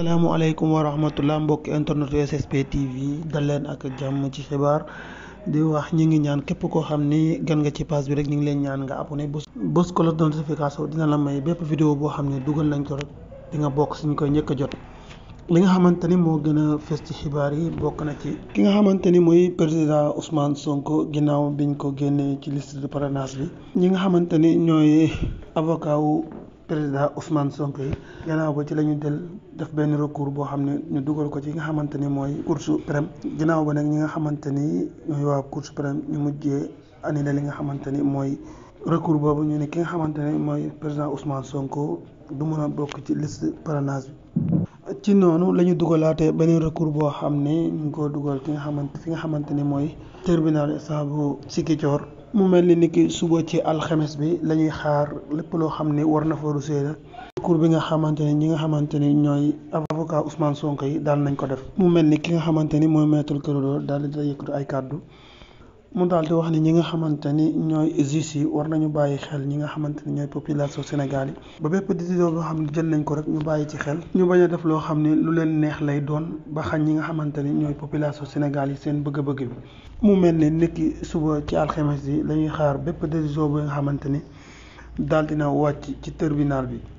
salaamaaleykum wa rahmatullah mbokk internet SSP TV dal leen ak jàmm ci xibaar di wax ñu ngi ñaan képp koo xam ni gën nga ci page bi rek ñu ngi leen ñaan nga abonné bés bés ko la notification dina la may bépp vidéo boo xam ne dugal nañ ko rek di nga bokk ñu koy njëkk a jot li nga xamante ni moo gën a fës ci xibaar yi bokk na ci ki nga xamante ni mooy président Ousmane Sonko ginnaaw biñ ko génnee ci list de parrainage bi ñi nga xamante ni ñooy avocat président Ousmane Sonko yi gannaaw ba ci la ñu del def benn recours boo xam ne ñu dugal ko ci nga xamante ni mooy Cour suprême gannaaw ba nag ñi nga xamante ni ñooy waa Cour suprême ñu mujjee annulé li nga xamante ni mooy recours boobu ñu ne ki nga xamante ni mooy président Ousmane Sonko du mën a bokk ci liste parrainage bi ci noonu la dugalaate ba beneen recours boo xam ne ñu ngi ko dugal ki nga xamante fi nga xamante ni mooy tribunal bu Ziguinchor mu mel ni niki suba ci alxames bi la ñuy xaar lépp loo xam ne war na fa rusee cour bi nga xamante ne ñi nga xamante ni ñooy avocat Ousmane Sonko yi daal nañ ko def mu mel ni ki nga xamante ni mooy maître Clédor daal di yëkkatu ay kàddu mu daal wax ni ñi nga xamante ni ñooy juges yi war nañu bàyyi xel ñi nga xamante ni ñooy population Sénégal yi ba bépp décision boo xam ne jël nañ ko rek ñu bàyyi ci xel ñu bañ a def loo xam ni lu leen neex lay doon ba xañ ñi nga xamante ni ñooy population Sénégal yi seen bëgg-bëgg bi mu mel ni niki suba ci alxames yi lañuy xaar bépp décision bi nga xamante ni daal dina wàcc ci tribunal bi